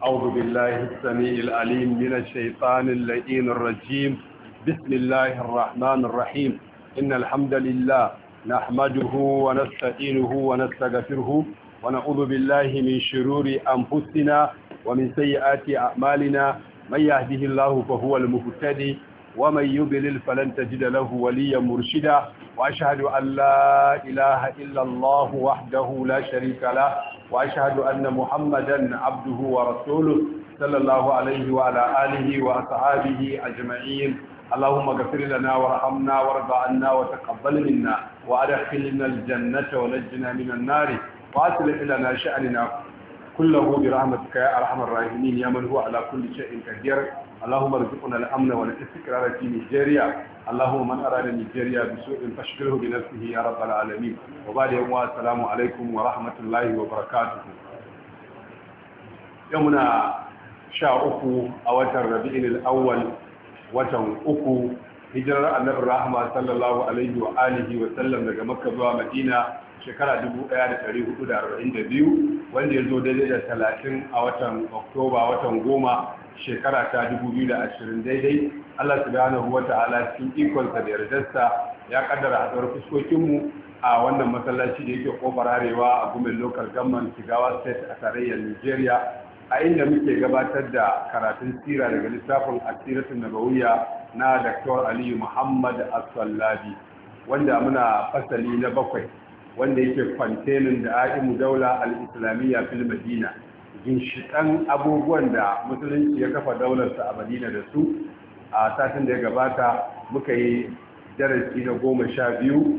أعوذ بالله السميع العليم من الشيطان اللئين الرجيم بسم الله الرحمن الرحيم إن الحمد لله نحمده ونستعينه ونستغفره ونعوذ بالله من شرور أنفسنا ومن سيئات أعمالنا من يهده الله فهو المهتدي ومن يضلل فلن تجد له وليا مرشدا وأشهد أن لا إله إلا الله وحده لا شريك له وأشهد أن محمدا عبده ورسوله صلى الله عليه وعلى آله وأصحابه أجمعين اللهم اغفر لنا وارحمنا وارض عنا وتقبل منا وأدخلنا الجنة ونجنا من النار وأصلح لنا شأننا كله برحمتك يا أرحم الراحمين يا من هو على كل شيء قدير اللهم ارزقنا الأمن والاستقرار في نيجيريا اللهم من أراد نيجيريا بسوء فاشغله بنفسه يا رب العالمين وبعد يوم السلام عليكم ورحمة الله وبركاته يومنا شاء أكو أوتر ربيع الأول وتن أكو hijirar annabi rahama sallallahu alaihi wa alihi wa sallam daga makka zuwa madina shekara 1442 wanda ya zo daidai da 30 a watan oktoba watan goma shekara ta 2020 daidai allah subhanahu wa ta'ala cikin ikonsa da yardarsa ya kaddara haɗuwar fuskokinmu a wannan masallaci da yake kofar arewa a gumin local government kigawa state a tarayyar nigeria a inda muke gabatar da karatun sira daga lissafin asiratun nabawiya na dr aliyu muhammad asallabi wanda muna fasali na bakwai wanda yake kwantenin da aimu daula al-islamiyya fil madina ginshiƙan abubuwan da musulunci ya kafa daularsa a madina da su a satin da ya gabata muka yi darasi na goma sha biyu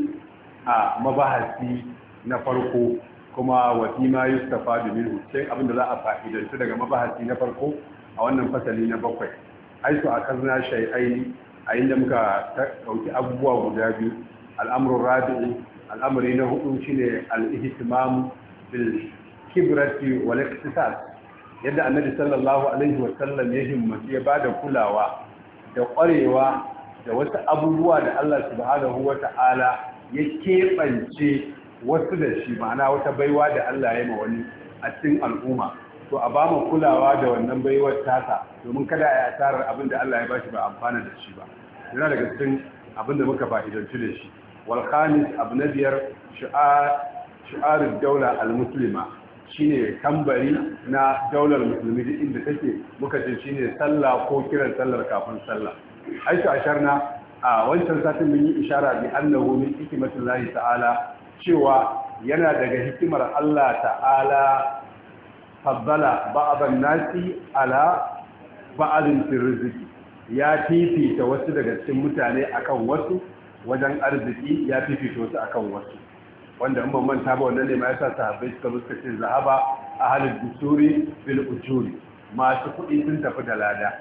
a mabahasi na farko kuma wasima yustafa domin hussein da za a fa'idantu daga mabahasi na farko a wannan fasali na bakwai aisu a kazna shai'ai a inda muka ɗauki abubuwa guda biyu al'amurin rabi'i al'amari na hudu shine al-ihtimam bil kibrati wal yadda annabi sallallahu alaihi wa sallam ya himmatu ya bada kulawa da kwarewa da wasu abubuwa da Allah subhanahu wa ta'ala ya keɓance wasu da shi ma'ana wata baiwa da Allah ya ma wani a cikin al'umma to a ba mu kulawa da wannan baiwar tasa domin kada a yi asarar abin da Allah ya bashi ba amfana da shi ba yana daga cikin abin da muka fa'idantu da shi والخامس أبو نبير شعار شعار الدولة المسلمة shine tambari na daular musulmi inda take muka ce shine sallah ko kiran sallar kafin sallah aisha asharna a wancan satin mun yi ishara bi annahu min hikmatillahi ta'ala cewa yana daga hikimar Allah ta'ala faddala ba'dan nasi ala ba'din fi ya fifita wasu daga cikin mutane akan wasu wajen arziki ya fifito su akan wasu wanda in ban manta ba wannan ne ma yasa sahabbai suka suka ce zahaba halin dusuri bil ujuri masu kuɗi sun tafi da lada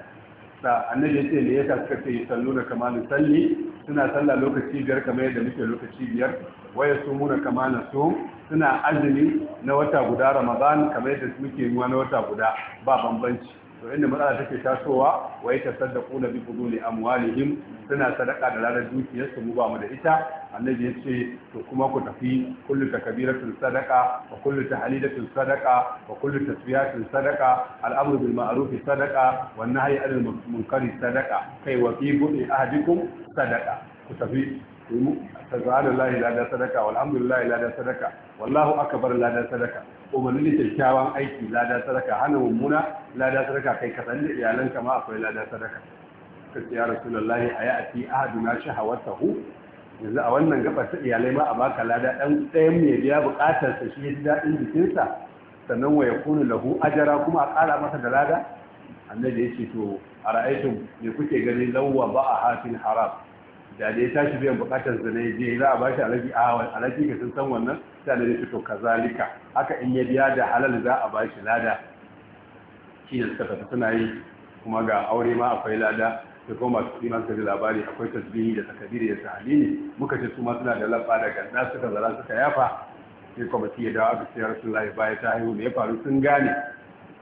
sa annabi ya ce ne yasa suka ce salluna kama salli suna sallah lokaci biyar kamar yadda muke lokaci biyar waya muna kama su suna azumi na wata guda ramadan kamar yadda muke ruwa na wata guda ba bambanci to inda matsala take tasowa wa yata saddaqu na bi fuduli amwalihim suna sadaka da ranar dukiyarsu mu ba mu da ita annabi ya ce to kuma ku tafi kullu takbiratul sadaqa wa kullu tahlilatul sadaqa wa kullu tasbihatul sadaqa al'amru bil ma'ruf sadaqa wa nahyi anil munkari sadaqa kai wa fi budi ahadikum sadaqa ku tafi tazara lahi ladan sadaka walhamdulillah ladan sadaka wallahu akbar ladan sadaka umarni da kyakkyawan aiki ladan sadaka hana mummuna ladan sadaka kai ka da iyalanka ma akwai ladan sadaka kace ya rasulullahi ayati ahaduna shahawatahu yanzu a wannan gabar ta iyalai ma a baka lada dan ɗayan mai biya bukatar sa shi ji dadin jikinsa sannan wa yakunu lahu ajara kuma a kara masa da lada annabi yace to a ra'aytum me kuke gani lawwa ba'a hafin haram da dai tashi biyan bukatar zane ya je za a bashi alaji a alaji ka sun san wannan sai da shi to kazalika haka in ya biya da halal za a bashi lada shi ne suka tafi suna yi kuma ga aure ma akwai lada da kuma masu kima suka ji labari akwai tasbihi da takabiri da tahali ne muka ce su suna da lafa da ganda suka zara suka yafa sai kuma kwamiti ya dawo aka ce rasulullahi baya ta haihu ne ya faru sun gane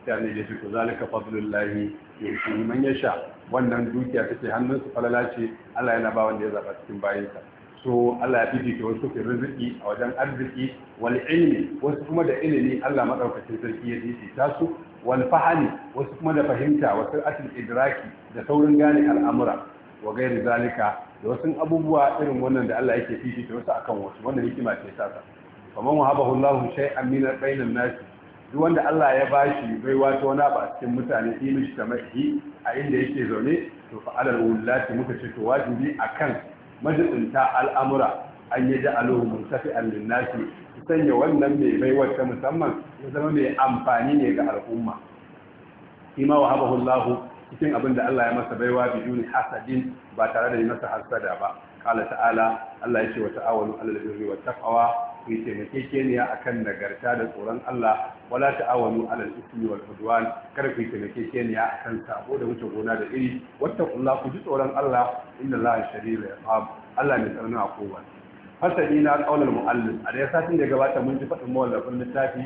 sai ne da fito zalika fadlullahi shi man yasha wannan dukiya ta take hannunsu falala ce Allah yana ba wanda ya zaba cikin bayansa so Allah ya fifita wasu fi riziki a wajen arziki wal ilimi wasu kuma da ilimi Allah madaukakin sarki ya fifita su wal fahami wasu kuma da fahimta wasu asil idraki da saurin gane al'amura wa gairi zalika da wasu abubuwa irin wannan da Allah yake fifita wasu akan wasu wannan hikima ce ta sa Kamar wahabahu shay'an min bainan nasi duk wanda Allah ya bashi baiwa ta wani ba cikin mutane yi ta tamahi a inda yake zaune to fa alal wullati muka ce to wajibi akan majibinta al'amura an yi da aluhu murtafi al-linnasi sanya wannan mai baiwar ta musamman ya zama mai amfani ne ga al'umma ima wa habahu Allah cikin abin da Allah ya masa baiwa biduni hasadin ba tare da yi masa hasada ba qala ta'ala Allah ya ce wa ta'awalu alal birri wat taqwa ku yi taimakekeniya akan nagarta da tsoron Allah wala ta'awanu alal ismi wal udwan kar ku yi taimakekeniya kan sabo da wuce gona da iri wattaqullah ku ji tsoron Allah inna Allah ya iqab Allah ne tsarna a kowa fasali na qaulul muallim a da satin da gabata mun ji fadin mawallafin littafi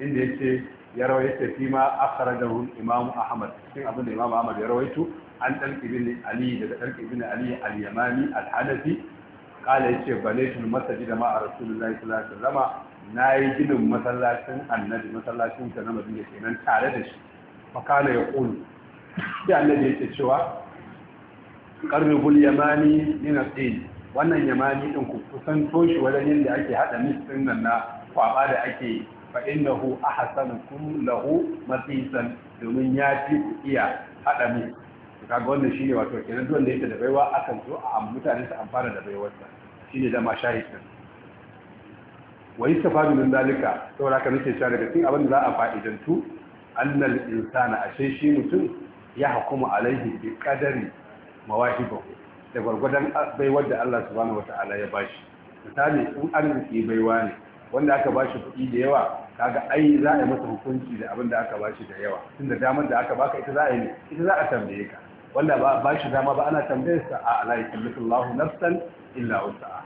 inda yace ya rawaita fi ma akhrajahu imam ahmad cikin abin da imam ahmad ya rawaito an dalqi bin ali daga dalqi bin ali al-yamani al-hanafi kala yace banaitul masjid ma a rasulullahi sallallahu alaihi wasallam nayi ginin masallacin annabi masallacin ta na madina kenan tare da shi kala ya qul sai annabi yace cewa bul yamani ina tsini wannan yamani din ku kusan toshi wajen yadda ake hada mis din nan na kwaba da ake fa innahu ahsanukum lahu matisan domin ya fi iya hada mis Ka kaga wannan shine wato kenan duk wanda yake da baiwa akan zo a mutane su amfana da baiwarsa shine dama shahid din wa yastafadu min dalika saboda ka nake cewa daga cikin abin da za a fa'idantu annal insana ashe shi mutum ya hukuma alaihi bi qadari mawahibahu da gwargwadon baiwar da Allah subhanahu wata'ala ya bashi misali in arziki baiwa ne wanda aka bashi kuɗi da yawa kaga ai za a yi masa hukunci da abin da aka bashi da yawa tunda damar da aka baka ita za a yi ita za a tambaye ka wanda ba ba shi dama ba ana tambayar sa a ala yukallifullahu nafsan illa wusa'a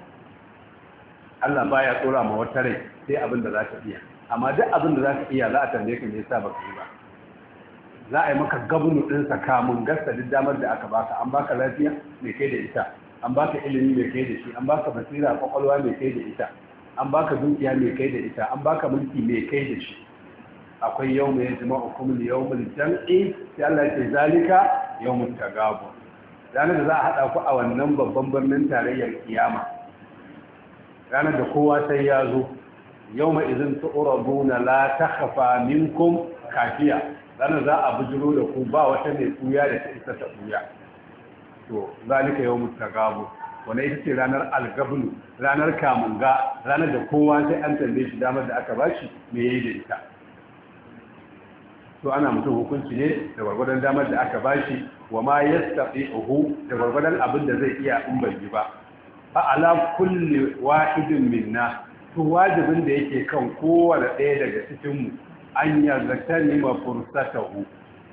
Allah baya tsora ma wata rai sai abin da za ka iya amma duk abin da za ka iya za a tambaye ka me yasa baka yi ba za a yi maka gabnu din sa mun gasta duk damar da aka baka an baka lafiya me kai da ita an baka ilimi me kai da shi an baka basira kwakwalwa me kai da ita an baka dukiya me kai da ita an baka mulki me kai da shi akwai yau mai kuma yau jam'i sai Allah ya ce zalika yawmut tagabu ranar da za a haɗa ku a wannan babban birnin tarayyar kiyama ranar da kowa sai ya zo izin idhin tu'raduna la takhafa minkum kafiya ranar za a bujiro da ku ba wata mai tsuya da ta isa ta kuya to zalika yawmut tagabu wane ita ce ranar algabnu ranar kamunga ranar da kowa sai an tambaye shi damar da aka bashi me yi da ita to ana mutum hukunci ne da gwargwadon damar da aka bashi wa ma yastati uhu da gwargwadon abin da zai iya in bai ba fa ala kulli wahidin minna to wajibin da yake kan kowane ɗaya daga cikin mu an zata ni ma hu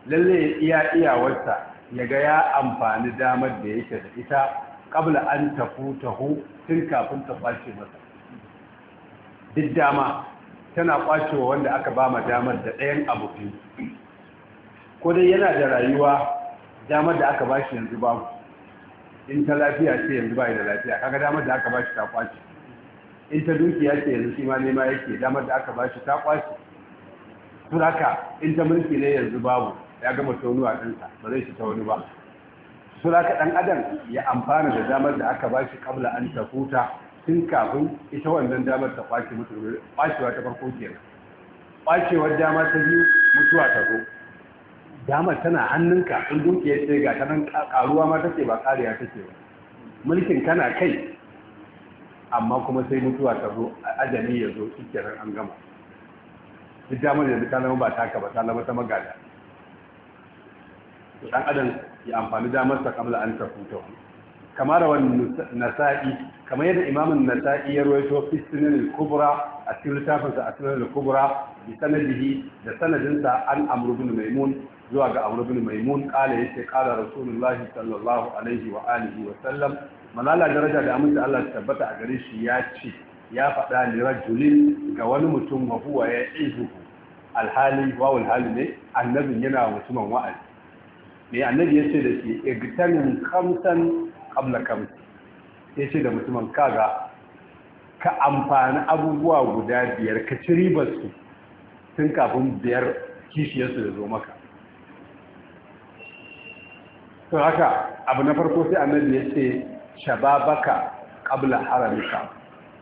lalle ya iya iyawarsa ya ga ya amfani damar da yake da ita kabla an hu tun kafin ta bace masa duk dama tana kwacewa wanda aka ba ma damar da ɗayan abokin ko dai yana da rayuwa damar da aka ba shi yanzu babu in ta lafiya ce yanzu bai da lafiya kaga damar da aka ba shi ta kwace in ta dukiya ce yanzu shi ma nema yake damar da aka ba shi ta kwace su haka in ta mulki ne yanzu babu ya gama tonuwa ɗinsa ba zai shi ta wani ba Sura haka ɗan adam ya amfana da damar da aka ba shi kabla an ta huta tun kafin ita wannan damar ta kwace mutu kwacewa ta farko kenan kwacewar dama ta biyu mutuwa ta zo damar tana hannunka in dukiyar ce ga ta nan karuwa ma take ba kariya take ba mulkin kana kai amma kuma sai mutuwa ta zo ajami ya zo shikenan an gama duk damar yanzu ta zama ba taka ba ta zama ta magada dan adam ya amfani damar sa kamla an ta huta kamar wani nasa'i kamar yadda imamun nasa'i ya rawaito fi kubra a cikin littafinsa a sunan kubra bi sanadihi da sanadinsa an amr ibn maimun zuwa ga amr ibn maimun kala yace kala rasulullahi sallallahu alaihi wa alihi wa sallam malala daraja da amince Allah tabbata a gare shi ya ce ya faɗa li rajulin ga wani mutum wa huwa ya izuhu alhali wawul hali ne annabin yana mutumin wa'azi me annabi yace da ke igtanin khamsan qabla ya ce da mutumin kaga ka amfani abubuwa guda biyar ka ci ribarsu tun kafin biyar kishiyarsu da zo maka to haka abu na farko sai annabi ya ce shababaka kabla haramika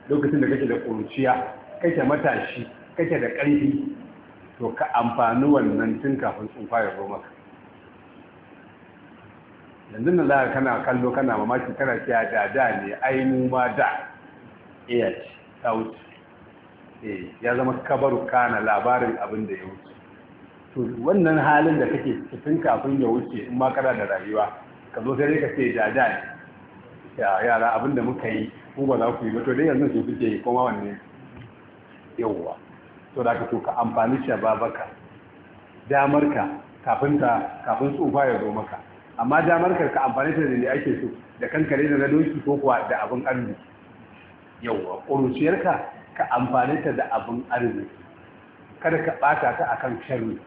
lokacin da kake da kuruciya kake matashi kake da ƙarfi to ka amfani wannan tun kafin tsufa ya zo yanzu da za kana kallo kana mamaki kana cewa da da ne ai mu ma da iya ce eh, ya zama kabaru kana labarin abin da ya wuce to wannan halin da kake cikin kafin ya wuce in ma kana da rayuwa ka zo sai ka ce da da ne ya yara abin da muka yi ko ba za ku yi ba to dai yanzu su kuke yi kuma wanne yawwa to da ka to ka amfani shi babaka damar ka kafin ka kafin tsufa ya zo maka amma damar ka amfani ta da ake so da kankare da na doki ko kuwa da abin arziki yawwa ƙuruciyarka ka amfani ta da abin arziki kada ka ɓata ta akan sharri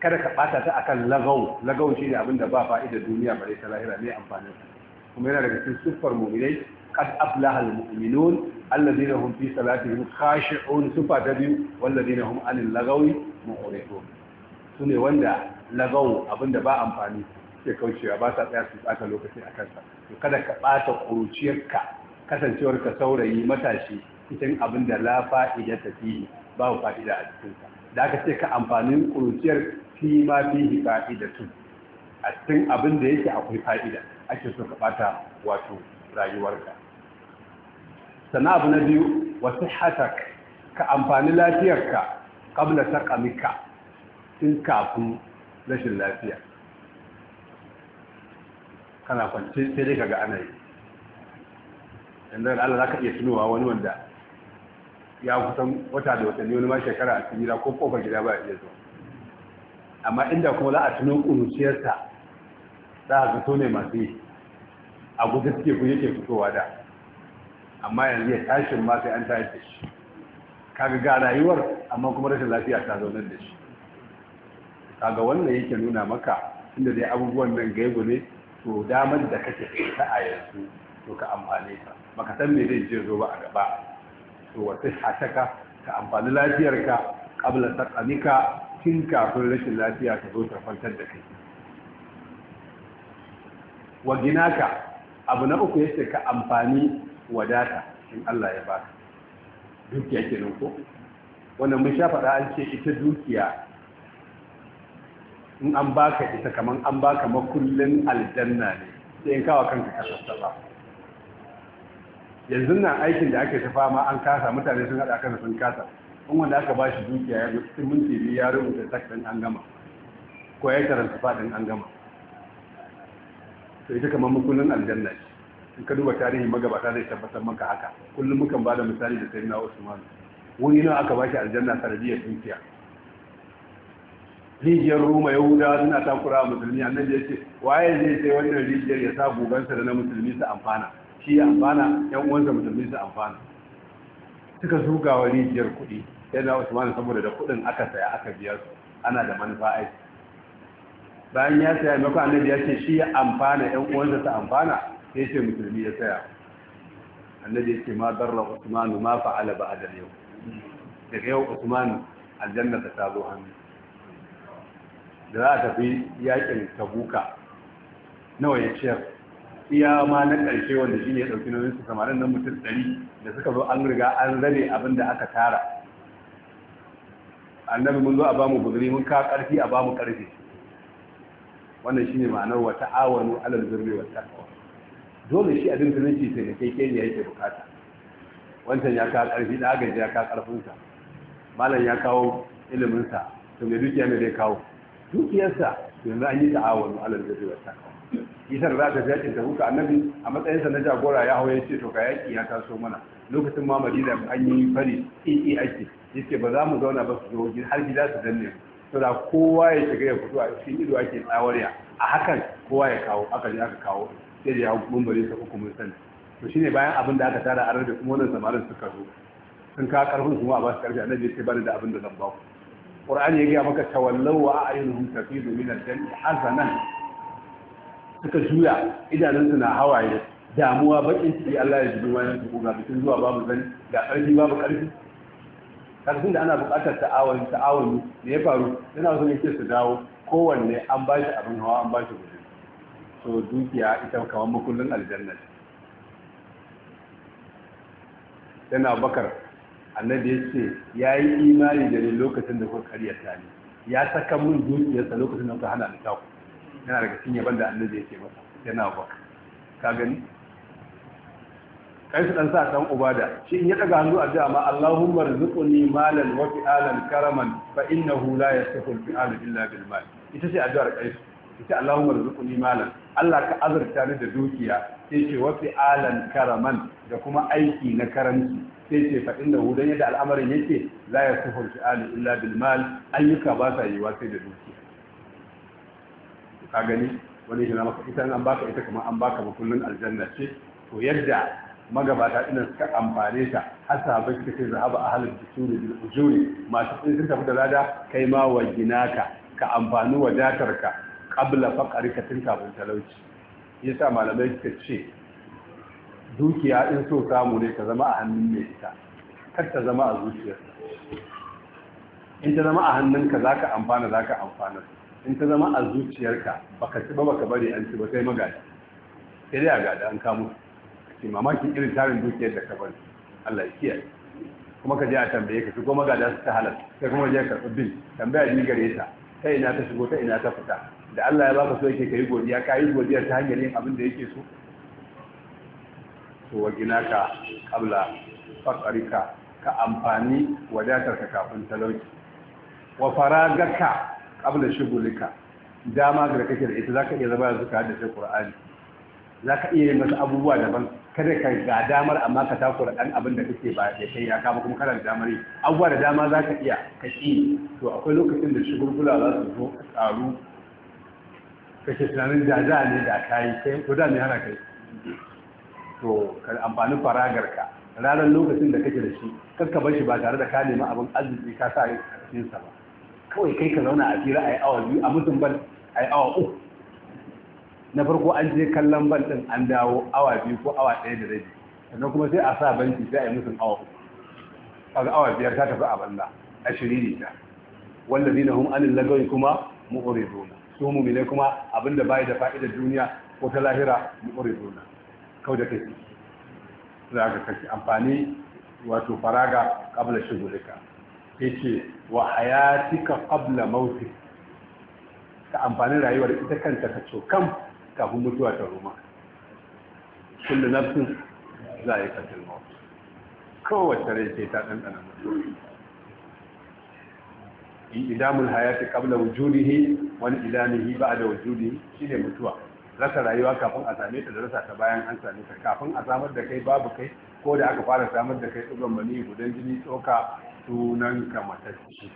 kada ka ɓata ta akan lagau lagau shi ne abin da ba fa'ida duniya ba dai ta lahira ne amfani ta kuma yana daga cikin siffar mu'minai qad aflaha almu'minun muminun alladhina hum fi salatihim khashi'un sufa ta biyu walladhina hum anil lagawi mu'ridun sune wanda lagau abin da ba amfani suke kaucewa ba sa tsaya su tsaka lokaci a kansa to kada ka ɓata ƙuruciyarka kasancewar ka saurayi matashi cikin abin da la fa'ida ta ba babu fa'ida a cikinsa da aka ce ka amfanin ƙuruciyar fi ma fihi fa'ida tun a cikin abin da yake akwai fa'ida ake so ka ɓata wato rayuwarka sana abu na biyu wasu hatak ka amfani lafiyarka kabla ta kamika tun kafin rashin lafiya kana kwanci sai dai kaga ana yi yanzu Allah za iya tunowa wani wanda ya kusan wata da ne wani ma shekara a cikin ko kofar gida ba ya iya zuwa amma inda kuma za a tuno ta za a ne masu yi a guda suke ku yake fitowa da amma yanzu ya tashin ma sai an tashi da shi kaga ga rayuwar amma kuma rashin lafiya ta zaunar da shi kaga wannan yake nuna maka inda dai abubuwan nan gaibu ne to damar da kake ta a yanzu to ka amfane ta baka san me zai je zo ba a gaba to wata hataka ka amfani lafiyarka qabla taqanika tun kafin rashin lafiya ta zo ta kwantar da kai wa ginaka abu na uku yace ka amfani wadata in Allah ya baka dukiya kenan ko wannan mun sha faɗa an ce ita dukiya in an baka ita kaman an baka makullin aljanna ne sai in kawo kanka kasassafa yanzu nan aikin da ake tafa ma an kasa mutane sun haɗa kansa sun kasa in wanda aka ba shi dukiya ya mutu sun minti biyu ya rubuta sakin an gama ko ya karanta faɗin an gama sai ita kamar makullin aljanna ne. in ka duba tarihin magabata zai tabbatar maka haka kullum mukan ba da misali da na usman wani nawa aka ba shi aljanna sanadiyar dukiya rijiyar ya wuda suna takura wa musulmi annabi ya ce waye zai sai wannan rijiyar ya sa gugansa da na musulmi su amfana shi ya amfana yan uwansa musulmi su amfana suka zuga wa rijiyar kuɗi yana usman saboda da kuɗin aka saya aka biya su ana da manufa ai bayan ya saya maka annabi ya ce shi ya amfana yan uwansa su amfana sai ce musulmi ya saya annabi ya ce ma darra usman ma fa'ala ba'da yau daga yau usman aljanna ta zo hannu da za a tafi yakin tabuka nawa ya ciyar iya ma na ƙarshe wanda shi ne ya ɗauki nauyin su samarin nan mutum ɗari da suka zo an riga an zane abin da aka tara annabi mun zo a bamu buzuri mun ka ƙarfi a bamu ƙarfi wannan shine ma'anar wa ta'awanu alal birri wa taqwa dole shi a dinka sai da ke ne yake bukata wancan ya ka ƙarfi da agaji ya ka ƙarfinsa malam ya kawo iliminsa to me dukiya ne zai kawo dukiyarsa yanzu an yi ta'awun alal birri wa taqwa isar za ta jakin ta huka annabi a matsayinsa na jagora ya hau ya ce to ka yaƙi ya taso mana lokacin ma madina an yi fari ƙiƙi e e ake yake ba za mu zauna ba su zo har gida su danne to da kowa ya shiga ya fito a cikin ido ake tsawarya a hakan kowa ya kawo aka ne aka kawo sai da ya bumbare sa uku mun sani to shine bayan abin da aka tara a da kuma wannan samarin suka zo sun ka karfin kuma a ba su karfi annabi sai ba da abin da zan ba ku ƙur'ani ya gaya maka tawallawa wa a'yunuhum tafidu min al-jannati hazanan suka juya idanunsu na hawaye damuwa bakin yi Allah ya jibi wani su kuma bikin zuwa babu zan ga ƙarfi babu ƙarfi karfin da ana buƙatar ta'awani ta'awun ne ya faru yana so ne ke su dawo kowanne an ba shi abin hawa an ba shi gudun. so dukiya ita kamar makullin aljanna Yana bakar annabi ya ce ya yi imani da ne lokacin da kuka ta ne ya saka mun dukiyarsa lokacin da kuka hana ni taku yana daga cikin yaban da annabi ya ce masa yana ba ka gani kai su dan sa uba da shi in ya daga hannu a dama Allahumma rzuqni malan wa fi'alan karaman fa innahu la yasifu al-fi'al illa bil mal ita ce addu'ar kai ita Allahumma rzuqni malan Allah ka azurta ni da dukiya sai ce wa fi'alan karaman da kuma aiki na karanci sai ce fa inda hudan yadda al'amarin yake la ya suhur Ali illa bil ayyuka ba sa yi sai da dukiya ka gani wani yana maka ita an baka ita kamar an baka makullin aljanna ce to yadda magabata ina suka amfane ta har sahabbai suka ce zahaba da dusuri da ujuri masu kudi tafi da lada kai ma wa ka ka amfani ƙabla faƙari ka tun kafin talauci yasa malamai suka ce dukiya in so samu ne ta zama a hannun mai ita kar ta zama a zuciyar in ta zama a hannunka za ka amfana za ka amfana in ta zama a zuciyarka ba ci ba ka bari an ci ba sai magada sai dai a gada an kamu ce mamakin irin tarin dukiyar da ka bari Allah ya kiyaye kuma ka je a tambaye ka shigo magada su ta halar sai kuma je ka bin, tambaya ni gare ta ta ina ta shigo ta ina ta fita da Allah ya baka so yake yi godiya ka yi godiya ta hanyar yin abin da yake so to wa ka kabla faqrika ka amfani wadatarka kafin talauci wa faragaka kabla shugulika dama da kake da ita zaka iya zama yanzu ka haddace Qur'ani zaka iya yin wasu abubuwa daban kada ka ga damar amma ka takura dan abin da kake ba da kai ya kama kuma karanta da damar yi abubuwa da dama zaka iya ka to akwai lokacin da shugulgula za su zo karu kake tunanin da za ne da kai sai ko da ne hana kai to ka amfani faragar ka ranar lokacin da kake da shi kar bar shi ba tare da ka nemi abin arziki ka sa a cikin sa ba kawai kai ka zauna a fira ayi awa biyu a mutum ban ayi awa uku na farko an je kallon ban din an dawo awa biyu ko awa ɗaya da rabi sannan kuma sai a sa banki sai a yi mutum awa uku kaga awa biyar ta tafi a banza a shiriri ta zina hun anin lagawi kuma mu'riduna su mu'mine kuma abinda bayi da fa'idar duniya ko ta lahira mu'riduna kau da kai za ka kashi amfani wato faraga ƙabla shugurika ya ce wa hayatika ƙabla mautik ka amfani rayuwar ita kanta ka cokan kafin mutuwa ta roma kullu nafsin za yi maut kowace rai ce ta ɗanɗana mutuwa idamul hayati qabla wujudihi wani idamihi ba'da wujudihi shine mutuwa rasa rayuwa kafin a same ta da rasa ta bayan an same ta kafin a samar da kai babu kai ko da aka fara samar da kai tsugan mani gudan jini tsoka sunan ka matashi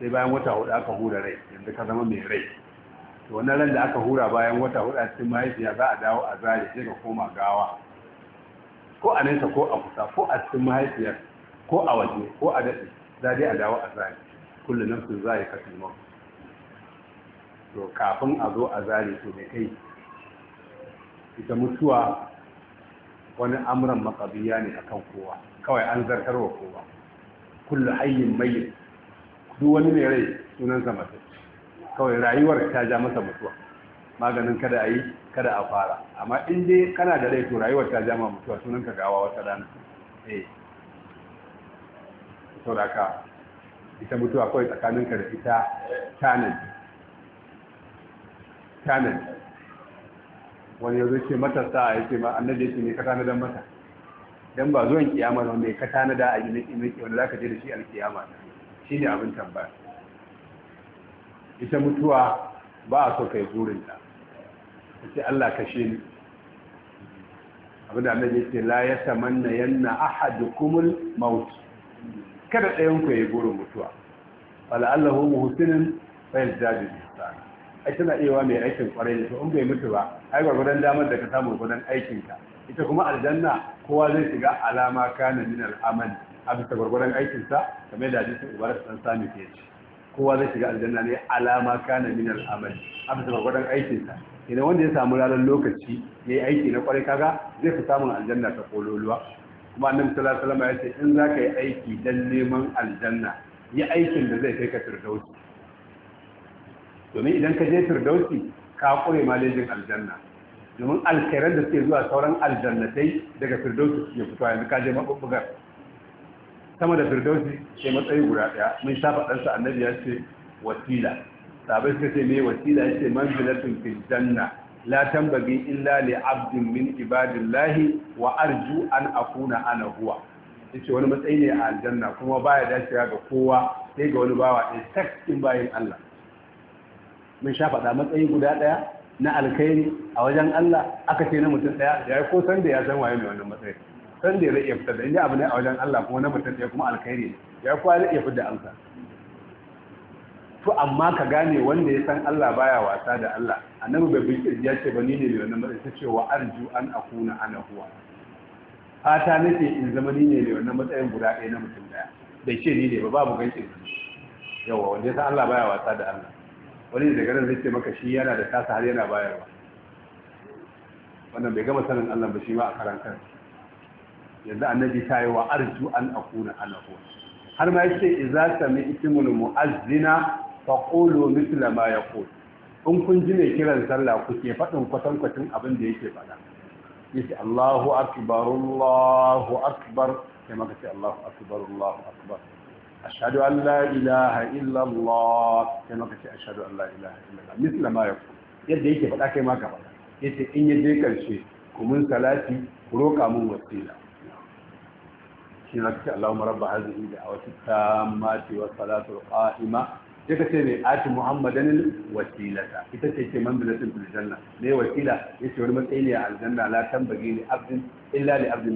sai bayan wata hudu aka hura rai yanzu ka zama mai rai to wannan ran da aka hura bayan wata hudu a cikin mahaifiya za a dawo a zare sai ka koma gawa ko a nesa ko a kusa ko a cikin mahaifiyar ko a waje ko a daɗe za dai a dawo a zare kullum nafsin zai ka tilmau to kafin a zo a zare to mai kai ita mutuwa wani amuran makabiya ne a kan kowa kawai an zartarwa kowa kullu hayin mayyit duk wani mai rai sunan zamatar kawai rayuwar ta ja masa mutuwa maganin kada a yi kada a fara amma in dai kana da rai to rayuwar ta ja masa mutuwa sunan ka gawa wata rana eh da ka ita mutuwa kawai tsakaninka da ita tanadi tanadi wani yanzu ce mata sa ya ce ma annabi ya ce ne ka tanadar mata dan ba zuwan kiyama ne mai ka tanada a gine kiyama wanda zaka je da shi Shi shine abin tambaya ita mutuwa ba a so kai burin ta sai Allah kashe ni abin da annabi ya ce la yatamanna yanna ahadukumul maut kada ɗayan ku yayi burin mutuwa wala allahu muhsinin fa yazdadu ihsana ai tana iya wa mai aikin kwarai ne to in bai mutu ba ai gwargwadon damar da ka samu gwargwadon aikinka ita kuma aljanna kowa zai shiga alama kana min al'amal a bisa gwargwadon aikinsa kamar da hadisin ibarat san sami ke ci kowa zai shiga aljanna ne alama kana min al'amal a bisa gwargwadon aikinsa idan wanda ya samu ranar lokaci ya yi aiki na kwarai kaga zai fi samun aljanna ta kololuwa kuma annabi sallallahu alaihi wasallam ya ce in za ka yi aiki dan neman aljanna yi aikin da zai kai ka firdausi domin idan ka je firdausi ka kure malejin aljanna domin alkhairan da suke zuwa sauran aljannatai daga firdausi suke fitowa yanzu ka je maɓuɓɓugar sama da firdausi sai matsayi guda ɗaya. mun sha ɗansa annabi ya ce wasila sabai suka ce me wasila ya ce manzilatun fil janna la tambagi illa li abdin min ibadillahi wa arju an akuna ana huwa yace wani matsayi ne a aljanna kuma baya dacewa ga kowa sai ga wani bawa ɗaya tak in bayin Allah mun sha faɗa matsayi guda ɗaya na alkhairi a wajen Allah aka ce na mutum ɗaya ya yi ko san da ya san waye mai wannan matsayi san da ya iya fitar da inda abu ne a wajen Allah kuma na mutum ɗaya kuma alkhairi ne ya ko ya iya fitar da amsa to amma ka gane wanda ya san Allah baya wasa da Allah annabi bai bin ya ce ba ni ne mai wannan matsayi ta ce wa arju an akuna ana huwa fata nake in zama ni ne mai wannan matsayin guda ɗaya na mutum ɗaya bai ce ni ne ba babu gancin yawa wanda ya san Allah baya wasa da Allah wani daga nan zai maka shi yana da tasa har yana bayarwa wannan bai gama sanin Allah ba shi ma a karan yanzu annabi ta yi wa arju an akuna alahu har ma yace idza sami ismul muazzina faqulu mithla ma yaqul in kun ji mai kiran sallah ku ke faɗin kwatan kwatin abin da yake faɗa yace Allahu akbar Allahu akbar sai maka ce Allahu akbar Allahu akbar ashhadu an la ilaha illa Allah maka ce ashhadu an la ilaha illa Allah misla ma yaqul yadda yake faɗa kai ma ka faɗa yace in ya je karshe ku mun salati ku roƙa mun wasila shi na ce Allahumma rabba hadhihi da'awati tammati wa salatu qa'ima sai ka ce ne ati muhammadan wasilata ita ce ce manzilatin fil janna ne wasila yace wani matsayi ne a aljanna la tambagi li abdin illa abdin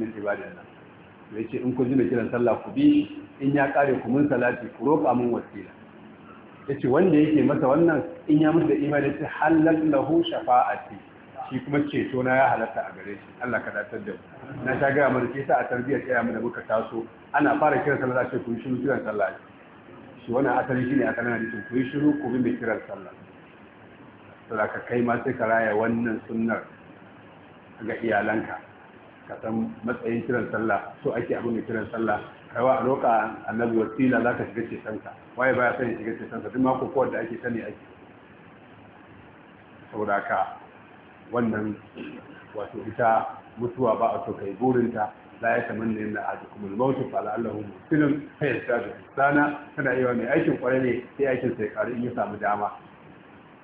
ya ce in kun ji da kiran sallah ku bi in ya kare ku mun salati ku roƙa mun wasila ya ce wanda yake masa wannan in ya mutu da imani ta halal lahu shafa'ati shi kuma ceto na ya halatta a gare shi Allah ka datar da mu na sha gaya mana ke sa a tarbiyyar tsaya mu da muka taso ana fara kiran sallah ce ku yi shiru kiran sallah shi wannan asali shine asalin hadisin ku yi shiru ku bi mai kiran sallah saboda ka kai ma sai ka raya wannan sunnar ga iyalanka ka matsayin kiran sallah so ake abin da kiran sallah kaiwa a roƙa annabi wasila za ka shiga cetonka waye baya sani shiga cetonka duk mako kowar da ake sani ake saboda ka wannan wato ita mutuwa ba a so kai burinta la ya da yin a kuma mulmautu fa la'allahu musulun ta yi sa sana tana iya mai aikin kwarai ne sai aikin sai kare in ya samu dama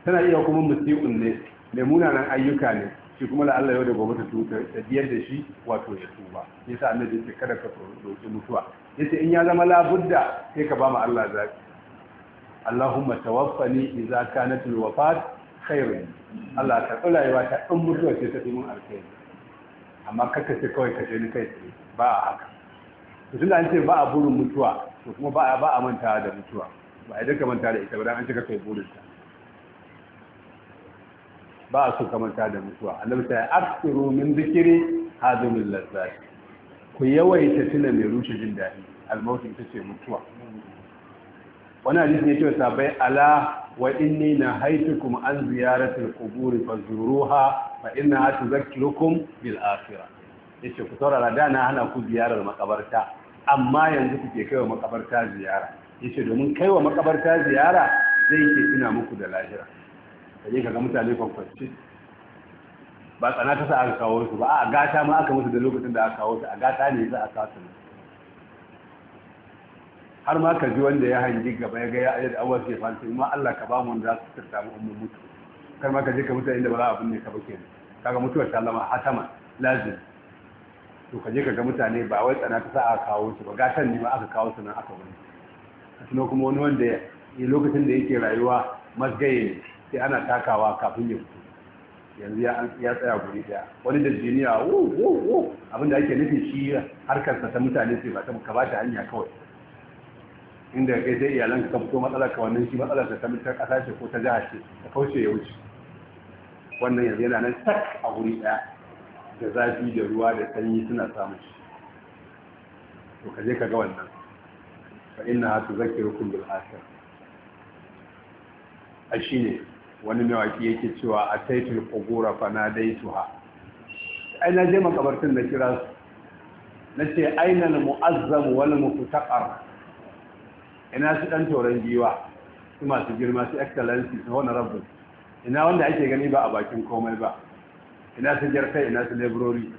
tana iya kuma musi'un ne mai munanan ayyuka ne shi kuma da Allah yau da gobe ta tuta da biyar da shi wato ya tuba yasa annabi ya kada ka roki mutuwa yace in ya zama labudda sai ka ba mu Allah zaki Allahumma tawaffani idza kanat alwafat khairan Allah ka tsula yawa ta in mutuwa ce ta dimin alkhairi amma kaka ce kawai ka ni kai ba a haka to tunda an ce ba a burin mutuwa to kuma ba a ba a manta da mutuwa ba a duka manta da ita ba dan an ce ka kai burin ta ba a so kamanta da mutuwa annabi ta aksiru min zikiri hadumul lazzat ku yawaita tuna mai rushe jin daɗi almautu ita ce mutuwa wani hadisi ne cewa sabai ala wa inni na haitukum an ziyaratul quburi fazuruha fa innaha tuzakkirukum bil akhirah yace ku taurara. da na hana ku ziyarar makabarta amma yanzu kuke kaiwa makabarta ziyara yace domin kaiwa makabarta ziyara zai ke tuna muku da lahira ka je ka ga mutane kwakwace ba tsana ta sa aka kawo su ba a gata ma aka musu da lokacin da aka kawo su a gata ne za a kawo su har ma ka ji wanda ya hangi gaba ya ga ya ayyar abuwa ke fanta ma Allah ka ba mu wanda za su sirta mu umar mutu kar ma ka je ka mutu inda ba za a binne ka ba kenan kaga mutuwar ta zama hatama lazim to ka je ka ga mutane ba wai tsana ta sa aka kawo su ba gatan ne ma aka kawo su nan aka wani a kuma wani wanda ya lokacin da yake rayuwa masgaye ne sai ana takawa kafin ya fito yanzu ya tsaya guri daya wani da jiniya wo abinda ake nufin shi harkarsa ta mutane sai ba ta muka ba ta hanya kawai inda kai sai iyalan ka fito matsalar ka wannan shi matsalar ta mutar kasa ce ko ta jiha ce ta kauce ya wuce wannan yanzu yana nan tak a guri daya da zafi da ruwa da sanyi suna samun shi to ka je ka ga wannan fa inna ha tuzakkirukum bil akhir ashine wani mawaki yake cewa a taitul kogora fa na ai na je makabartin da kira su na ce aina na mu'azzam wal mufutaqar ina su dan toron giwa su masu girma su excellency su honorable ina wanda ake gani ba a bakin komai ba ina su jarkai ina su laborori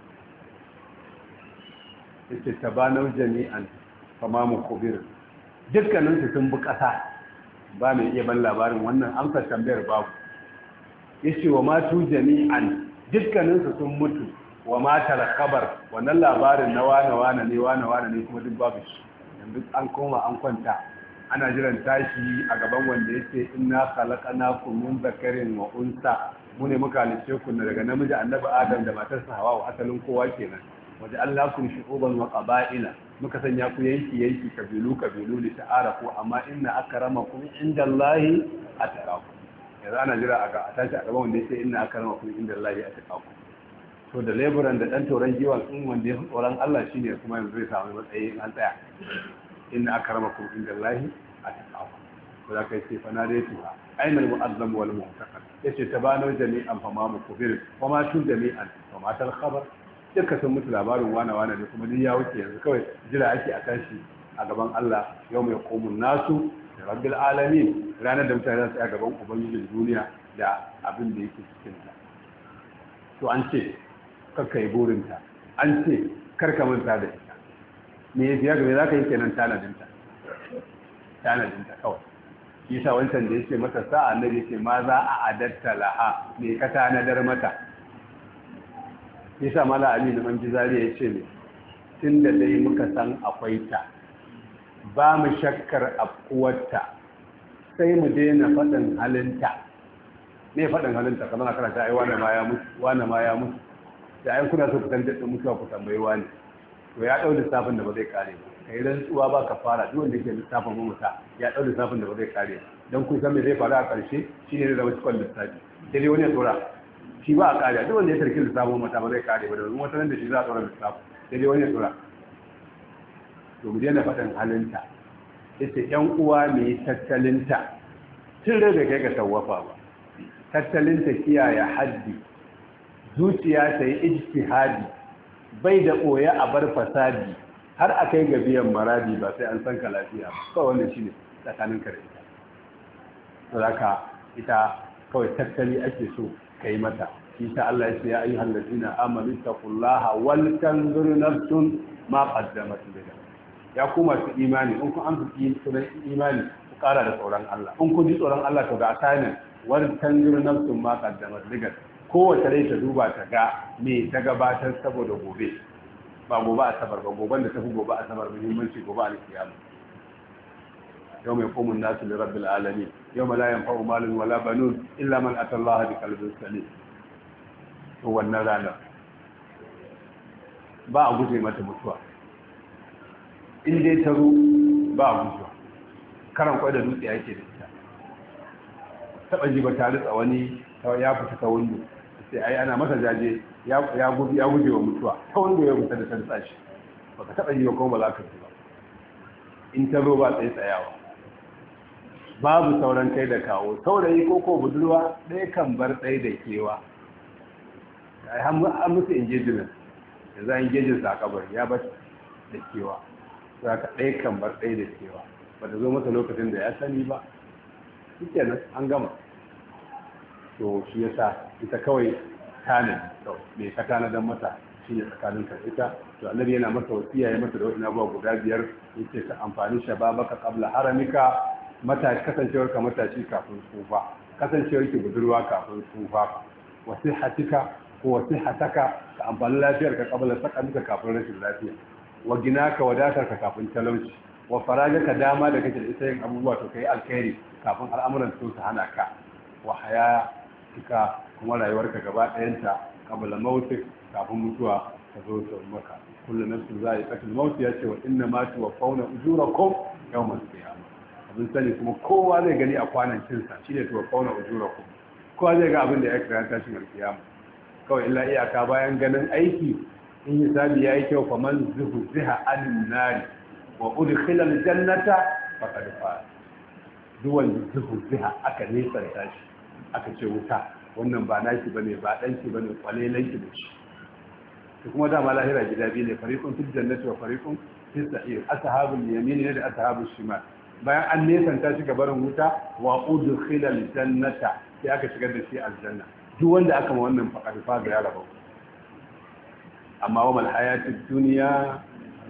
yace tabanau jami'an kama mu kubir dukkanin su sun bi ba mai iya ban labarin wannan amsar tambayar babu ce wa matu jami'an dukkaninsu sun mutu wa matar kabar wannan labarin na wane-wane ne wane-wane ne kuma duk babu shi yanzu an koma an kwanta ana jiran tashi a gaban wanda ya ce in na kalaka kalakana kumin zakarin wa unsa mu ne muka halice ku daga namiji annabi adam da matarsa hawa wa asalin kowa kenan waje Allah kun uban wa qaba'ila muka sanya ku yanki yanki kabilu kabilu li ta'arafu amma inna inda a indallahi atqakum yanzu ana jira a ga a tashi a gaban wanda yace inna a indallahi atqakum to da laboran da dan toran giwan in wanda ya tsoron Allah shine kuma yanzu zai samu matsayi in an tsaya inna inda a indallahi atqakum to da kai ce fa na dai tuha ainal mu'azzam wal mu'taqad yace tabanu jami'an fa ma mukbir wa ma tun jami'an fa ma tal khabar duka sun mutu labarin wana wana ne kuma duk ya wuce yanzu kawai jira ake a tashi a gaban Allah yau mai komun nasu da rabbil alamin ranar da mutane za su a gaban ubangijin duniya da abin da yake cikin ta to an ce kakka yi burinta an ce karka manta da ita me ya biya za ka yi kenan tanadinta tanadinta kawai yi sa wancan da yake mata sa'a na yake ma za a adatta laha me ka tanadar mata nisa mala da manji zariya ya ce ne tun da dai muka san akwai ta ba mu shakkar afkuwarta sai mu daina faɗin halinta ne faɗin halinta kamar na karanta ai wane ma ya mutu wane ma ya mutu da ai kuna so ku san daɗin mutuwa ku tambayi wani to ya dauki lissafin da ba zai kare ba kai tsuwa ba ka fara duk wanda yake lissafin mamuta ya dauki lissafin da ba zai kare dan don kun san me zai faru a ƙarshe shine ne wasu cikon lissafi dai wani ya tsora shi ba a kariya duk wanda ya da lissafin mata ba zai kare ba domin wata nan da shi za a tsoron lissafi sai dai wani ya tsora to mu na fatan halinta ita yan uwa mai tattalinta tun da kai ga tawafa ba tattalinta kiyaye haddi zuciya ta yi ijtihadi bai da koya a bar fasadi har a kai ga biyan maradi ba sai an san ka lafiya ba kawai wannan shine tsakanin ka da ita kawai tattali ake so kai mata shi ta Allah ya ce ya ayyuhal ladina amanu taqullaha wal tanzur nafsun ma qaddamat lida ya kuma su imani in kun amsa sunan imani ku kara da tsoron Allah in kun ji tsoron Allah to ga assignment wal tanzur nafsun ma qaddamat lida kowace rai ta duba ta ga me ta gabatar saboda gobe ba gobe asabar ba goben da tafi gobe asabar muhimmanci gobe alkiyama يوم يقوم الناس لرب العالمين يوم لا ينفع مال ولا بنون إلا من أتى الله بقلب سليم هو النرانا ba a guje mata mutuwa in dai ta zo ba a gujewa karan kwai da dutse yake da ita taba ji ba tare wani ya fita ta wando sai ai ana masa jaje ya guje wa mutuwa ta wando ya fita da san tsashi baka taba ji ba kuma ba ba in ta zo ba tsaye tsayawa babu sauran kai da kawo saurayi ko ko budurwa ɗaya kan bar ɗaya da kewa an musu engagement da za a engage sa kabar ya bar da kewa za ka ɗaya kan bar ɗaya da kewa ba ta zo masa lokacin da ya sani ba Kike nan, an gama to shi yasa ita kawai tanin mai ka tanadan mata shi ne tsakanin ka ita to annabi yana masa wasiya ya mata da wasu abubuwa guda biyar yace ka amfani shababaka qabla haramika kasancewarka kasancewar ka matashi kafin tsufa kasancewar ki budurwa kafin tsufa wasu hatika ko wasu hataka ka amfani lafiyar ka kabala saka duka kafin rashin lafiya wa gina ka wadatar ka kafin talauci wa faraja ka dama da kake da ita yin abubuwa to kai alkhairi kafin al'amuran sun su hana ka wa haya cika kuma rayuwarka gaba ɗayanta kabbala mawuti kafin mutuwa ta zo su maka kullum su za a yi ƙasar mawuti ya ce wa inna ma tuwa fauna ujurakum masu qiyamah sun sani kuma kowa zai gani a kwanan cinsa shi ne tuwa fauna ujura ku kowa zai ga abin da ya kira tashin alkiyama kawai illa iyaka bayan ganin aiki in sami ya yi kyau kwamar zuhu ziha alin nari wa udkhila aljannata faqad faz duwan zuhu ziha aka nisan tashi aka ce wuta wannan ba naki bane ba ne, bane kwalelan da shi to kuma dama lahira gida biyu ne farikun fil jannata wa farikun, fis sa'ir ashabul yamini ne da ashabul shimal bayan an nesanta shi barin wuta wa udkhilal jannata sai aka shigar da shi aljanna duk wanda aka ma wannan fakarfa da ya rabu amma wa malhayatid duniya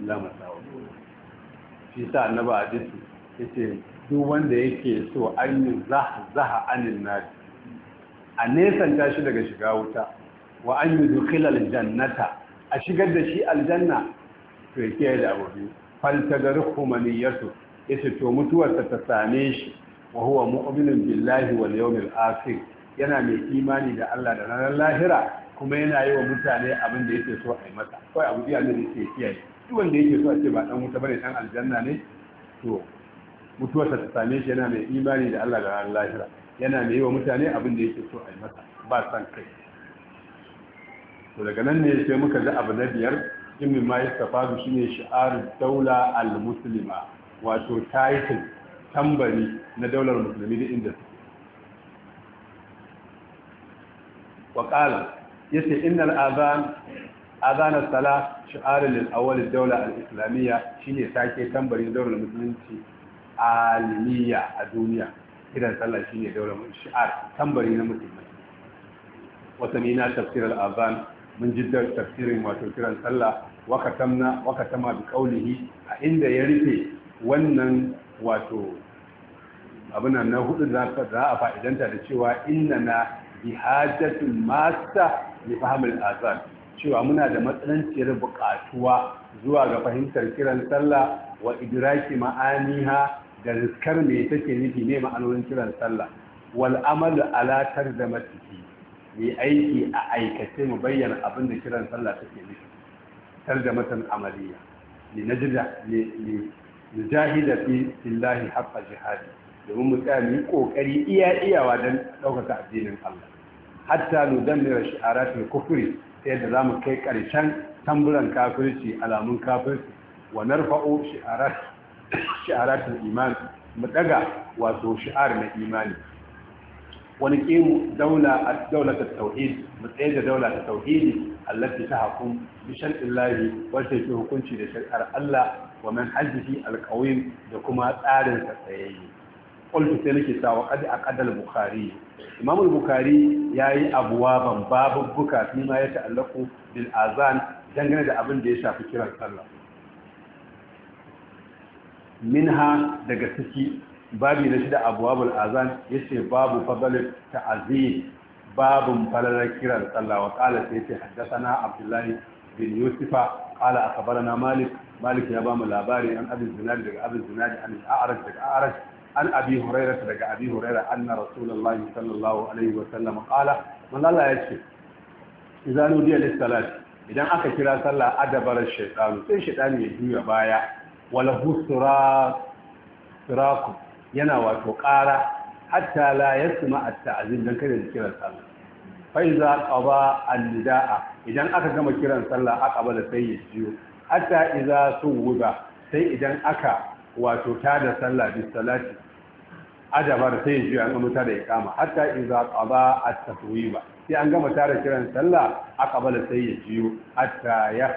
la masawa shi sa annaba a jinsu yace duk wanda yake so an yi zaha anin nari a nesanta shi daga shiga wuta wa an yi dukhilal jannata a shigar da shi aljanna to yake da abu biyu faltagaru humaniyatu yace to mutuwar ta same shi wa huwa mu'minun billahi wal yawmil akhir yana mai imani da Allah da ranar lahira kuma yana yi wa mutane abin da yake so a yi masa kai abu da yake kiyaye duk wanda yake so a ce ba dan wuta bane dan aljanna ne to mutuwar ta same shi yana mai imani da Allah da ranar lahira yana mai yi wa mutane abin da yake so a yi masa ba san kai to daga nan ne sai muka ji abu na biyar in min ma shine shi'ar daula al-muslima wato title tambari na daular musulmi da inda su waƙala ya ce innal azan azanar sala shi'arin lil'awalin daular al'islamiyya shine sake tambarin daular musulunci alimiya a duniya kiran sallah shine daular shi'ar tambari na musulmi watanni na tafsirar azan mun ji tafsirin wato kiran sallah wakatamna wakatama bi qawlihi a inda ya rufe wannan wato abinan na hudu za a fa'idanta da cewa inna na bi hajjatin masta bi fahimul azan cewa muna da matsananciyar buƙatuwa zuwa ga fahimtar kiran sallah wa idraki ma'aniha da riskar me take nufi ne ma'anonin kiran sallah wal amalu da tarjamatihi mai aiki a aikace mu bayyana abin da kiran sallah take nufi matan amaliya li najda li mu jahida fi lillahi haqqa jihadi domin mu tsaya mu kokari iya iyawa dan ɗaukaka addinin Allah hatta nu damira shi'aratul kufri ta yadda zamu kai karshen tamburan kafirci alamun kafirci wa narfa'u shi'arat shi'aratul iman mu daga wato shi'ar na imani wani kimu daula a daula ta tauhid mu tsaye da daula ta tauhidi allati ta hakum bi shar'illahi wacce ke hukunci da shari'ar Allah wa manhajihi alqawim da kuma tsarin sa tsayayye qultu sai nake cewa qad aqada bukhari imam al-bukhari yayi abwaban babubbuka fi ma ya ta'allaku bil azan dangane da abin da ya shafi kiran sallah minha daga ciki babi na shida abuwabul azan ya ce babu fadalin ta'azim babun falalar kiran sallah wa qala sai yace haddathana abdullahi bin yusufa qala akhbarana malik malik ya bamu labari an abin zinari daga abin zinari an a'raj daga a'raj an abi hurairah daga abi hurairah anna rasulullahi sallallahu alaihi wa sallam qala man Allah ce idan nudiya lis-salati idan aka kira sallah adabar shaytan sai shaytan ya juya baya wala husra sirakum yana wato ƙara hatta la yasma at-ta'zim dan kada kiran sallah fa iza qaba an-nidaa idan aka gama kiran sallah aqbala sai ya jiyo hatta iza suwuda sai idan aka wato tada sallah bi salati adabar sai ya jiyo an gama tada iqama hatta iza qaba at-taswiba sai an gama tara kiran sallah aqbala sai ya jiyo hatta ya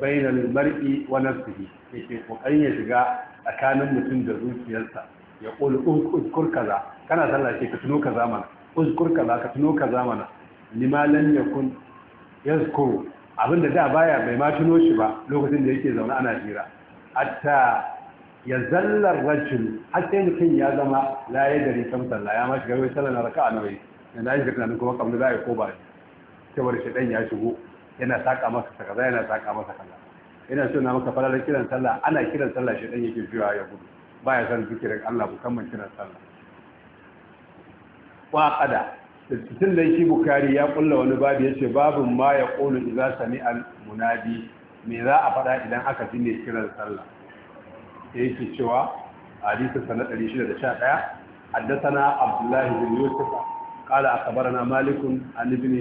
bainal mar'i wa nafsihi yake kokarin ya shiga tsakanin mutum da zuciyarsa ya ƙulu uzkur kaza kana sallah ce ka tuno ka mana uzkur kaza ka tuno kaza mana ya kun. yakun yazkuru abinda da baya bai ma tuno shi ba lokacin da yake zaune ana jira hatta ya zallar rajul har sai mutum ya zama laye da dari kam sallah ya ma shiga wai sallah na raka'a nawa ne na yi tunanin kuma kamar za a yi ko ba cewar shi dan ya shigo yana saka masa kaza yana saka masa kaza ina so na maka falalar kiran sallah ana kiran sallah shi dan yake jiwa ya gudu baya san zikirin Allah musamman kiran sallah wa qada tun da shi bukari ya kulla wani babu yace babu ma ya qulu idza sami munadi me za a fada idan aka ji ne kiran sallah yake cewa hadisi sanad 611 haddathana abdullah bin yusuf قال أخبرنا مالك عن ابن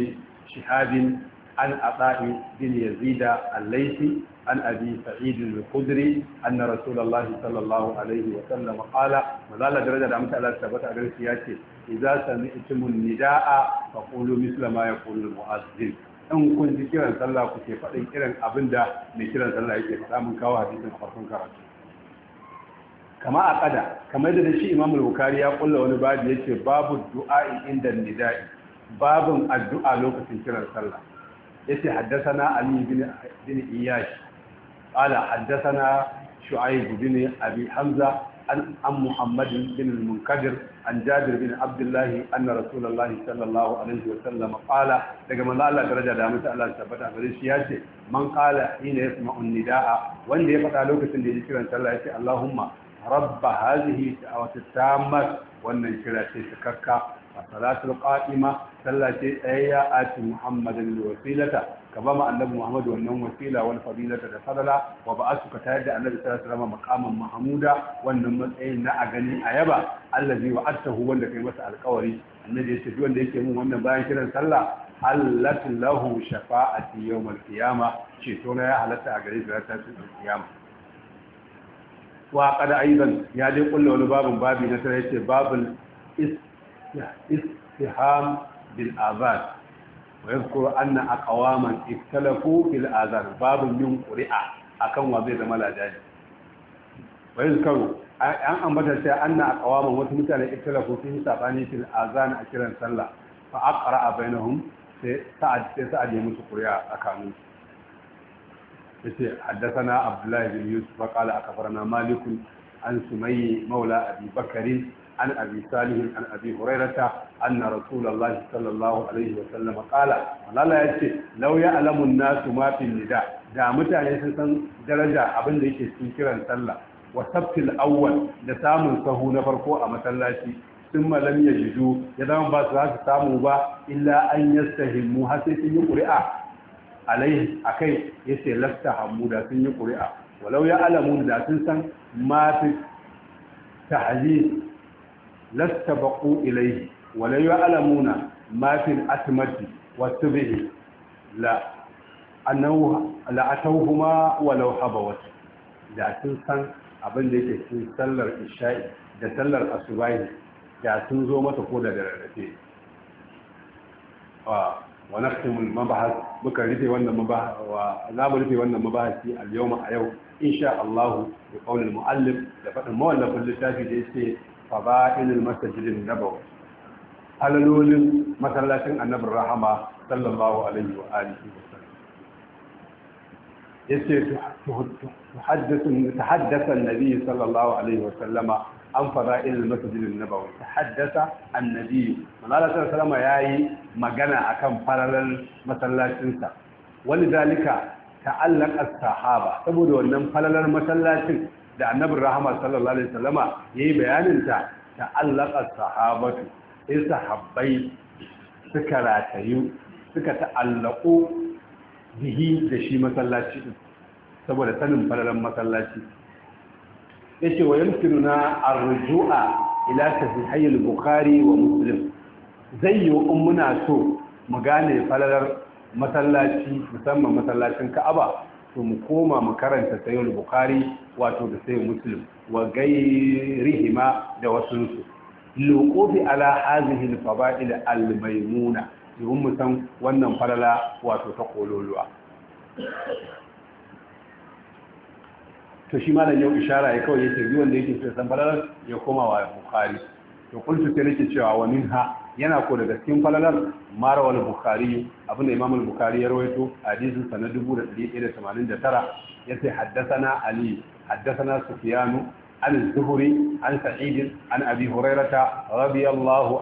شهاب عن عطاء بن يزيد الليثي عن أبي سعيد الخدري أن رسول الله صلى الله عليه وسلم قال مازال درجة دعمت على الثبات على السياسة إذا سمعتم النداء فقولوا مثل ما يقول المؤذن in kun ji kiran sallah ku ke faɗin irin abinda da mai kiran sallah yake faɗa mun kawo hadisin a farkon karatu kama a kada shi imam bukari ya kulla wani babu yace babu du'a inda nida'i Babu addu'a lokacin kiran sallah yace haddathana ali bin bin قال حدثنا شعيب بن أبي حمزة عن محمد بن المنكدر عن جابر بن عبد الله أن رسول الله صلى الله عليه وسلم قال لكما لا الله درجة دامت الله ثبت بريشياتي من قال حين يسمع النداء وان يفتح لوكة اللي يكرا الله اللهم رب هذه الدعوة التامة وان يكرا تككا الصلاة القائمة صلى الله عليه آت محمد الوسيلة ka ba annabi Muhammad wannan wasila wal fadilata da fadala wa ba'athu ka tayar da annabi sallallahu alaihi wasallam maqaman mahmuda wannan matsayin na a ayaba. a yaba allazi wa'adtahu wanda kai masa alƙawari annabi yace duk wanda yake mun wannan bayan kiran sallah halat lahu shafa'ati yawmal qiyama ce to na ya halatta a gare shi ta cikin qiyama wa qad aidan ya dai kullu wani babin babi na tare yace babul istiham bil azan wa yadhkuru anna aqwaman ikhtalafu fil azan babu min qur'a akan wa zai zama ladaji wa yadhkuru an ambata cewa anna aqwaman wasu mutane ikhtalafu fi sabani fil azan a kiran sallah fa aqra'a bainahum sai sa'ad sai sa'ad ya musu qur'a tsakanin yace haddathana abdullah bin yusuf qala akbarana malik an sumayyi maula abi عن أبي صالح عن أبي هريرة أن رسول الله صلى الله عليه وسلم قال لا يأتي لو يعلم الناس ما في النداء da mutane sun san daraja abin da yake cikin kiran sallah wa sabtil awwal da samun sahu na farko a masallaci sun malam ya ya zama ba su su samu ba illa an yastahimmu har sai sun yi ƙuri'a kai akai yace lafta hammu da sun yi ƙuri'a walau ya alamu da sun san ma fi tahzir lastabaqu ilayhi wa la ya'lamuna ma fil atmati wasbihi la annahu la atawhuma wa law da sun san abin da yake cikin sallar isha'i da sallar asubahi da sun zo mata ko da rarrafe ah, wa naqtimul mabahas muka rufe wannan mabahas wa za mu rufe wannan mabahasi al yawma a yau insha Allah bi qawlil muallif da fadin mawallafin littafi da yace fada'ilul masjidin nabawi halalolin masallacin annabin rahama sallallahu alaihi wa alihi wa yace tuhaddathu tahaddatha an-nabi sallallahu alaihi wa sallama an fada'il al-masjid an-nabawi tahaddatha an-nabi manala sallallahu magana akan falalan masallacin sa walidalika ta'allaq as-sahaba saboda wannan falalar masallacin da annabin rahama sallallahu alaihi ya yayi bayanin ta ta'allaqa sahabatu sai sahabbai suka ratayu suka ta'allaku bihi da shi masallaci din saboda sanin falalan masallaci yace wa a ruju'a, ila sahihai al-bukhari wa muslim zai yi in muna so mu gane falalar masallaci musamman masallacin ka'aba to mu koma mu karanta sayin bukhari wato da sayin muslim wa gairihima da wasunsu loƙofi ala hadhihi al-fada'il al-maymuna san wannan falala wato ta kololuwa to shi malam yau ishara ya kawai yake wanda yake so san falala ya koma wa bukhari to qultu ta nake cewa wa minha yana ko daga cikin falalar marawal bukhari abin da imamul bukhari ya rawaito hadisin sa na 1189 ce haddathana ali haddathana sufyanu عن الزهري عن سعيد عن أبي هريرة رضي الله wa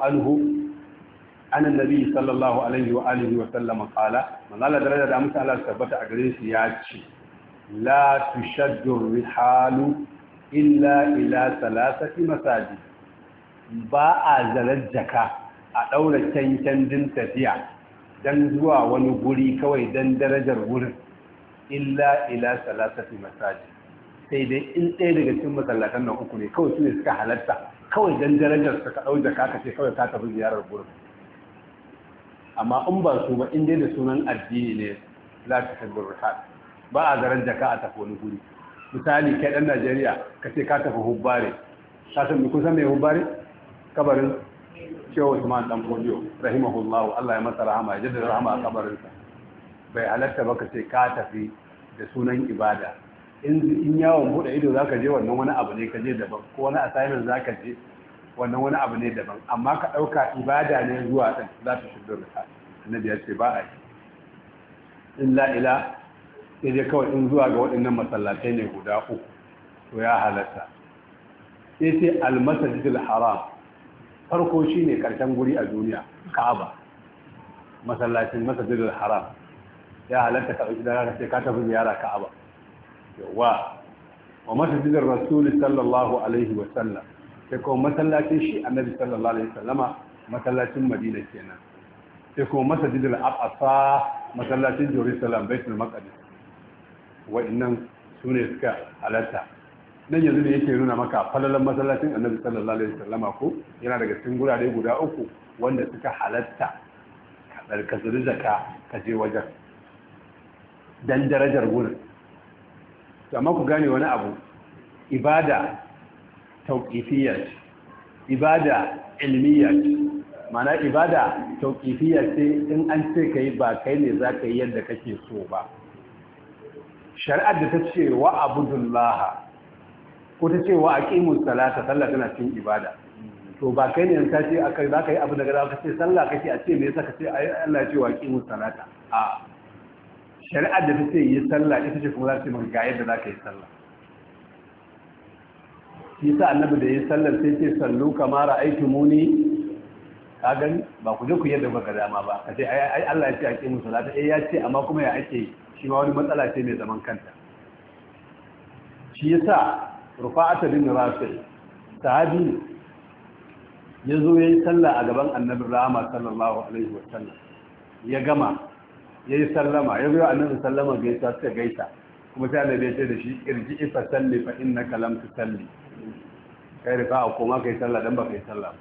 عن النبي صلى الله عليه وآله وسلم قال من الله درجة أمس على الثبت أقريس ياتي لا تشد الرحال إلا إلى ثلاثة مساجد ba a zarar jaka a ɗaura cancan din tafiya don zuwa wani guri kawai don darajar wurin illa ila salatati masajin sai dai in ɗaya daga cikin masallatan nan uku ne kawai su ne suka halarta kawai don darajar su ka ɗauja jaka ka ce kawai ka tafi ziyarar gurin amma in ba su ba in dai da sunan addini ne la ta tabbir ba a garan jaka a tafi wani guri misali kai ɗan najeriya ka ce ka tafi hubbare ka san me kusan me hubbare kabarin cewa Usman dan Fodiyo rahimahullahu Allah ya masa rahama ya jaddada rahama a kabarinsa bai halatta ba ka ce ka tafi da sunan ibada in yawon bude ido zaka je wannan wani abu ne ka je daban ko wani assignment zaka je wannan wani abu ne daban amma ka dauka ibada ne zuwa din za ta shigo da ka annabi ya ce ba a yi illa ila sai dai kawai in zuwa ga waɗannan masallatai ne guda uku to ya halatta sai sai almasajidul haram farko shi ne karshen guri a duniya ka'aba masallacin masjidil haram ya halatta ka ɗauki dara sai ka tafi ziyara ka'aba yawa wa masjidil rasul sallallahu alaihi wa sallam sai kuma masallacin shi annabi sallallahu alaihi wasallama masallacin madina kenan sai kuma masjidil aqsa masallacin jerusalem baitul maqdis wa'annan sune suka halatta nan yanzu ne yake nuna maka falalan masallacin annabi sallallahu alaihi wasallam ko yana daga cikin gurare guda uku wanda suka halatta ka zuri zakka ka je wajen dan darajar gurin amma ku gane wani abu ibada tauqifiyya ibada ilmiyya mana ibada tauqifiyya ce in an ce kai ba kai ne za ka yi yadda kake so ba shari'ar da ta ce wa abudullah ko ta ce wa aqimu salata sallah tana cikin ibada to ba kai ne ka ce aka za ka yi abu daga za ka ce sallah kake a ce me yasa ka ce ai Allah ya ce wa aqimu salata a shari'ar da ta ce yi sallah ita ce kuma za ta maka ga yadda za ka yi sallah shi sa annabi da yi sallar sai ce sallu kama ra'aytumuni ka gani ba ku je ku yadda ga dama ba ka ce ai Allah ya ce aqimu salata eh ya ce amma kuma ya ake shi ma wani matsala ce mai zaman kanta shi yasa rufa'ata bin rafi sahabi ya zo ya yi sallah a gaban annabin rama sallallahu alaihi wasallam ya gama ya yi sallama ya zo annabin sallama gaisa suka gaisa kuma sai annabi ya ce da shi irji ifa salli fa kalam lam tusalli kai rifa'a koma yi sallah don ba ka yi sallah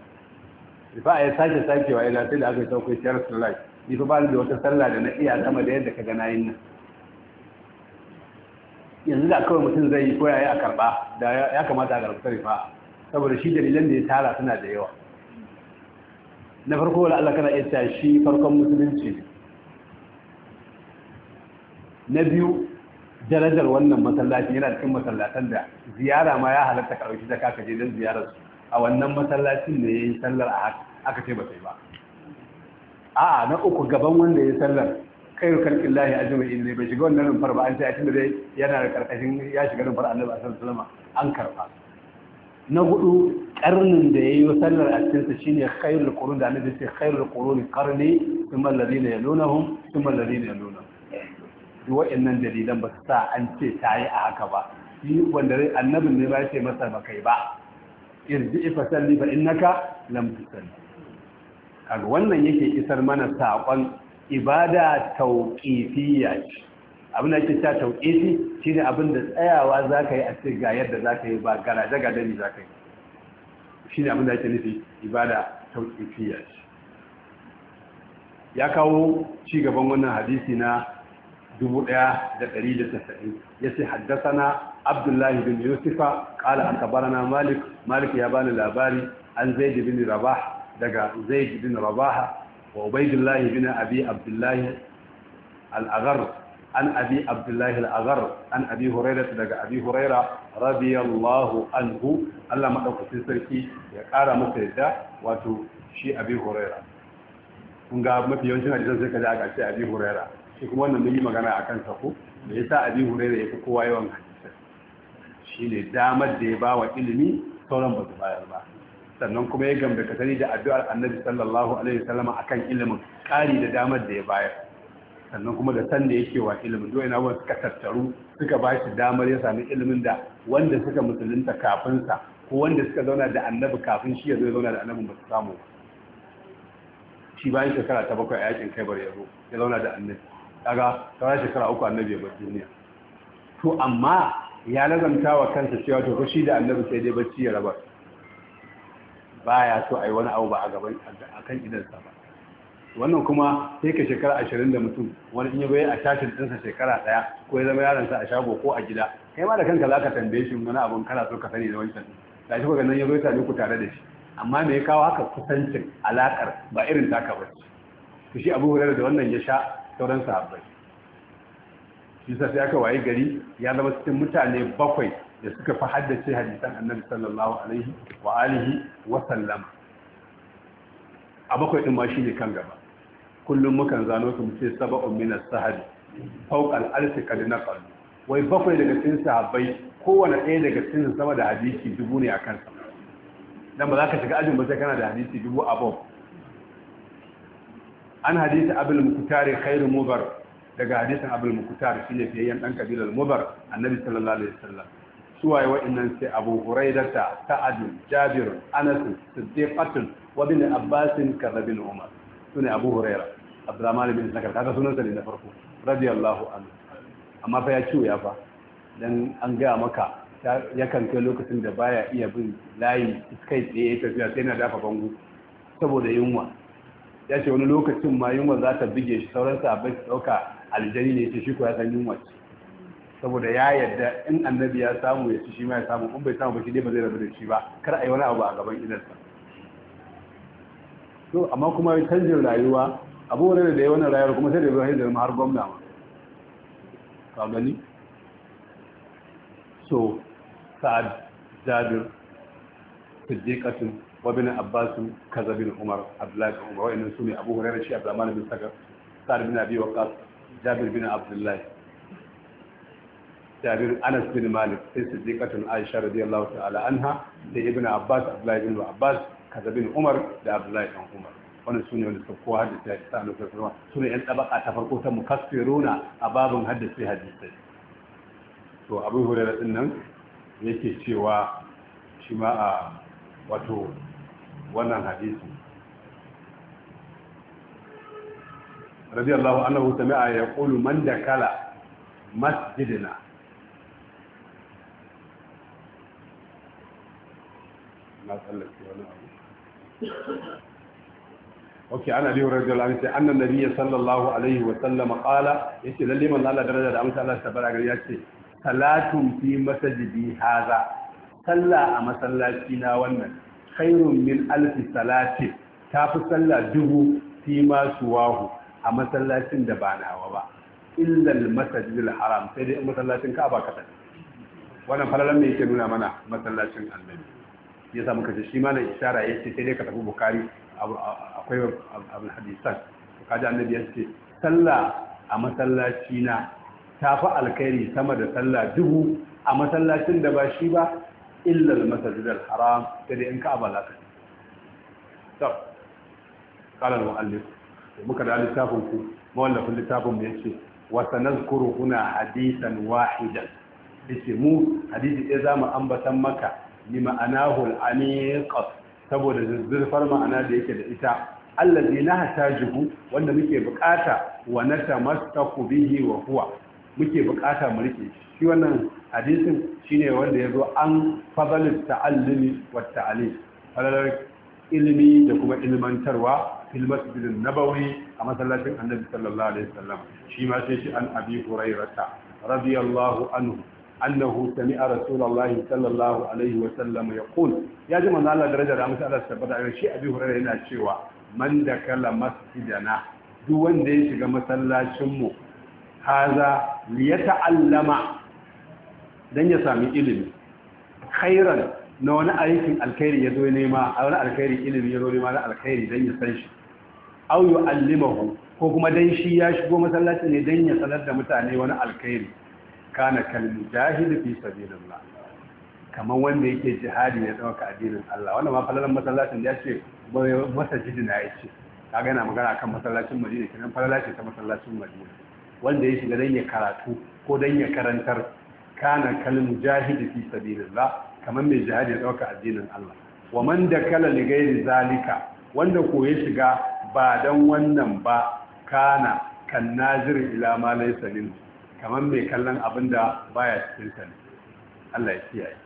rifa'a ya sake sakewa ya da sai da aka yi sauƙi ciyar sallah ni fa ba ni da wata sallah da na iya sama da yadda ka ga yin nan yanzu da kawai mutum zai yi koyaye a karɓa da ya kamata a karɓi tarifa saboda shi dalilan da ya tara suna da yawa na farko wani Allah kana iya shi farkon musulunci ne na biyu darajar wannan masallaci yana cikin masallatan da ziyara ma ya halatta ɗauki da kaka je don ziyarar a wannan masallacin da ya yi sallar a haka aka ce ba sai ba a'a na uku gaban wanda ya yi sallar khairu khalqin lahi ajma'in inda bai shiga wannan rumfar ba an ce a cikin dai yana da karkashin ya shiga rumfar annabi sallallahu alaihi wasallam an karfa na hudu karnin da yayi sallar a cikin sa shine khairul qurun da annabi sai khairul qurun qarni thumma alladhina yalunhum ya nuna yalunhum wa'annan dalilan ba su sa an ce tayi a haka ba shi wanda annabin ne ba ya ce masa ba kai ba irji fa salli fa innaka lam tusalli kaga wannan yake isar mana saƙon ibada tauqifiyya ce abin da ake ta tauqifi shine abin da tsayawa zaka yi a cikin ga yadda zaka yi ba garaje ga dani zaka yi shine abin da ake nufi ibada tauqifiyya ce ya kawo ci gaban wannan hadisi na 1190 yace haddathana Abdullahi bin Yusufa qala kabarana Malik Malik ya bani labari an Zaid bin Rabah daga Zaid bin Rabaha. wa ubaidillah bin abi abdullah al-aghar an abi abdullah al-aghar an abi hurairah daga abi hurairah radiyallahu anhu Allah madaukakin sarki ya kara masa yadda wato shi abi hurairah kun ga mafi yawancin hadisan sai kaji aka ce abi hurairah shi kuma wannan mun yi magana akan sa ko me yasa abi hurairah yafi kowa yawan hadisai shine damar da ya bawa ilimi sauran ba su bayar ba sannan kuma ya gambe ka sani da addu'ar annabi sallallahu alaihi wasallam akan ilimin ƙari da damar da ya bayar sannan kuma da san da yake wa ilimin dole na wasu tattaru suka ba shi damar ya sami ilimin da wanda suka musulunta kafin sa ko wanda suka zauna da annabi kafin shi ya zo zauna da annabi ba su samu ba shi bayan shekara ta bakwai a yakin kaibar ya zo ya zauna da annabi kaga sauran shekara uku annabi ya bar duniya to amma ya lazanta wa kansa cewa to shi da annabi sai dai bacci ya rabar baya so a yi wani abu ba a gaban a kan idansa ba wannan kuma sai ka shekara ashirin da mutum wani in ya bayyana a tashin ɗinsa shekara ɗaya ko ya zama yaron sa a shago ko a gida kai ma da kanka za ka tambaye shi wani abun kana so ka sani da wancan da shi kuka nan ya zo ya ku tare da shi amma me ya kawo haka kusancin alakar ba irin taka ba to shi abu da wannan ya sha sauran sahabbai shi sa sai aka waye gari ya zama cikin mutane bakwai da suka fi haddace hadisan annabi sallallahu alaihi wa alihi wa sallama a bakwai din ma shi ne kan gaba kullum mukan zano su ce sab'un min as-sahabi fawqa al-alfi kad naqal wai bakwai daga cikin sahabbai kowanne ɗaya daga cikin sama da hadisi dubu ne akan sa dan ba za ka shiga ajin ba sai kana da hadisi dubu abab an hadisi abul mukutari khairu mubar daga hadisin abul mukutar shine fiyayyen dan kabilar mubar annabi sallallahu alaihi wasallam suwaye wa'annan sai abu hurairata sa'adun jabir anas siddiqatun wa bin abbas kadabin umar sune abu huraira abdurrahman bin zakar kaga sunan sa ne na farko radiyallahu anhu amma fa ya ci ya fa dan an ga maka yakan kai lokacin da baya iya bin layi kai tsaye tafiya sai na dafa bango saboda yunwa ya ce wani lokacin ma yunwa za ta bige shi sauran sabai su ɗauka aljani ne ce shi ko ya san yunwa ce saboda ya yadda in annabi ya samu ya ci shi ma ya samu in bai samu ba shi ne ba zai rabu da shi ba kar a yi wani abu a gaban idansa to amma kuma canjin rayuwa abu wani da ya wannan rayuwar kuma sai da ibrahim da har gwamna ma ka gani so sa'ad jabir siddiqatun wa bin abbas kaza bin umar abdullahi bin umar wa'annan ne abu hurairah shi abdurrahman bin sagar sa'ad bin abi waqas jabir bin abdullahi jabir anas bin malik sai su je katon aisha radiyallahu ta'ala anha da ibnu abbas abdullahi bin abbas kaza bin umar da abdullahi bin umar wannan sune wanda suka kowa hadisi ya sa annabi sallallahu alaihi sune yan tabaka ta farko ta mukaffiruna a babin hadisi hadisi to abu hurairah din nan yake cewa shi ma a wato wannan hadisi radiyallahu anhu sami'a yaqulu man dakala masjidina ka tsallake wani abu ok ana biyu rajul an ce annan nabi sallallahu alaihi wa sallama qala yace lalle man Allah daraja da amsa Allah tabaraka gari ya ce, salatun fi masajidi haza sallah a masallaci na wannan khairun min alfi salati fi sallah dubu fi masu wahu a masallacin da ba nawa ba illal masajidil haram sai dai masallacin ka ka'aba kadan wannan falalan me ke nuna mana masallacin annabi ya sa muka ce shi ma na ishara ya ce sai dai ka tafi bukari akwai abin hadisan kaji annabi ya ce sallah a masallaci na ta fi alkhairi sama da sallah dubu a masallacin da ba shi ba illal masajid al-haram sai dai in ka abala ka to qala al-muallif muka da littafin ku mawallafin littafin mu yace wa sanazkuru huna hadisan wahidan yace mu hadisi ɗaya zamu ambatan maka li ma'anahu al-aniq saboda zuzzurfar ma'ana da yake da ita allazi nahtajuhu wanda muke bukata wa natamassaku bihi wa huwa muke bukata mu rike shi wannan hadisin shine wanda yazo an fadalu ta'allumi wa ta'alim ilimi da kuma ilmantarwa fil masjidin nabawi a masallacin annabi sallallahu alaihi wasallam shi ma sai shi an abi hurairata radiyallahu anhu annahu sami'a rasulullahi sallallahu alaihi wa sallam yaqul ya ji manzo Allah daraja da musu Allah tabbata a shi Abi Hurairah yana cewa man dakala masjidana duk wanda ya shiga masallacin mu haza liyata'allama dan ya sami ilimi khairan na wani aikin alkhairi ya zo nema a wani alkhairi ilimi ya zo nema na alkhairi dan ya san shi au yu'allimahu ko kuma dan shi ya shigo masallacin ne dan ya sanar da mutane wani alkhairi kana kalmujahid fi sabilillah kamar wanda yake jihadi ya dauka addinin Allah wannan ma falalan masallacin ya ce na ya ce kaga yana magana akan masallacin Madina kenan falalace ta masallacin Madina wanda ya shiga dan ya karatu ko dan ya karantar kana kalmujahid fi sabilillah kamar mai jihadi ya dauka addinin Allah wa man dakala li ghairi zalika wanda ko ya shiga ba dan wannan ba kana kan nazir ila ma laysa kamar mai kallon abin da baya cikin sa Allah ya kiyaye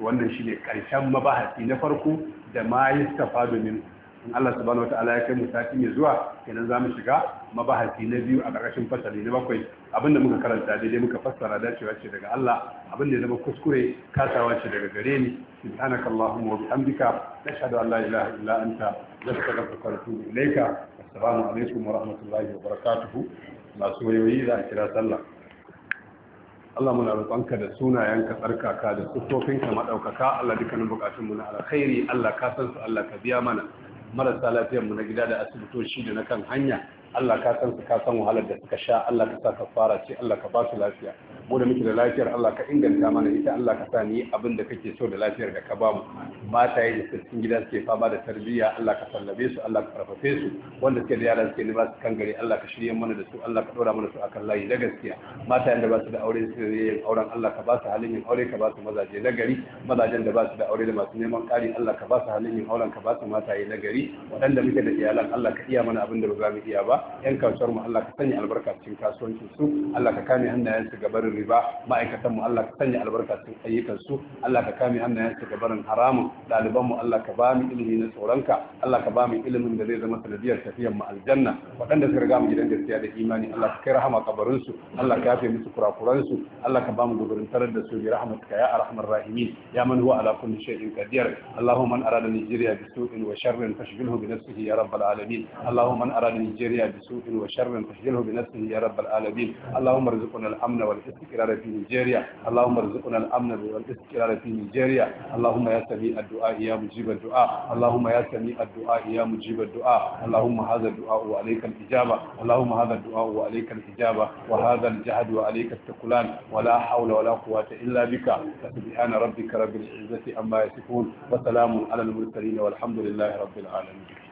wannan shine karshen mabahasi na farko da ma safa domin in Allah subhanahu wataala ya kai mu sati mai zuwa kenan zamu shiga mabahasi na biyu a ƙarƙashin fasali na bakwai Abin da muka karanta daidai muka fassara dacewa ce daga Allah Abin da ya zama kuskure kasawa ce daga gare ni subhanaka allahumma wa bihamdika nashhadu an la ilaha illa anta nastaghfiruka wa natubu ilayka assalamu alaikum wa rahmatullahi wa barakatuhu masu wayoyi za a kira sallah Allah muna roƙonka da sunayenka tsarkaka da sufofinka maɗaukaka Allah dukkanin mu na alkhairi Allah ka san su Allah ka biya mana marasa lafiyar mu na gida da asibitoci da na kan hanya Allah ka san su ka san wahalar da suka sha Allah ka sa ka fara ce Allah ka ba su lafiya mu da muke da lafiyar Allah ka inganta mana ita Allah ka sa ni abin da kake so da lafiyar da ka ba mu mata yi da cikin gida suke fama da tarbiyya Allah ka sallabe su Allah ka farfafe su wanda suke da yara suke ne ba su kan gare Allah ka shirye mana da su Allah ka dora mana su akan layi na gaskiya mata da ba su da aure su yin auren Allah ka ba su halin yin aure ka ba su mazaje na gari mazajen da ba su da aure da masu neman ƙari Allah ka ba su halin yin auren ka ba su mata na gari waɗanda muke da iyalan Allah ka iya mana abin da ba za mu iya ba yan kasuwar mu Allah ka sanya albarka cikin kasuwancin su Allah ka kame hannayen su gabarin riba ma'aikatan mu Allah ka sanya albarka cikin ayyukan su Allah ka kame hannayen su gabarin haramun ɗaliban mu Allah ka bamu ilimi na tsoronka Allah ka bamu ilimin da zai zama sanadiyar tafiyar mu aljanna waɗanda suka riga mu gidan gaskiya da imani Allah ka kai rahama kabarin su Allah ka yafe musu kurakuran su Allah ka bamu mu da su bi rahmatika ya arhamar rahimin ya man huwa ala kulli shay'in qadir Allahumma man arada Nigeria bi su'in wa sharrin fashghilhu bi nafsihi ya rabbal alamin Allahumma man arada Nigeria bi su'in wa sharrin fashghilhu bi nafsihi ya rabbal alamin al-amna wal والاستقرار في نيجيريا اللهم ارزقنا الامن والاستقرار في نيجيريا اللهم يا سميع الدعاء يا مجيب الدعاء اللهم يا سميع الدعاء يا مجيب الدعاء اللهم هذا الدعاء وعليك الاجابه اللهم هذا الدعاء وعليك الاجابه وهذا الجهد وعليك التكلان ولا حول ولا قوه الا بك سبحان ربك رب العزه عما يصفون وسلام على المرسلين والحمد لله رب العالمين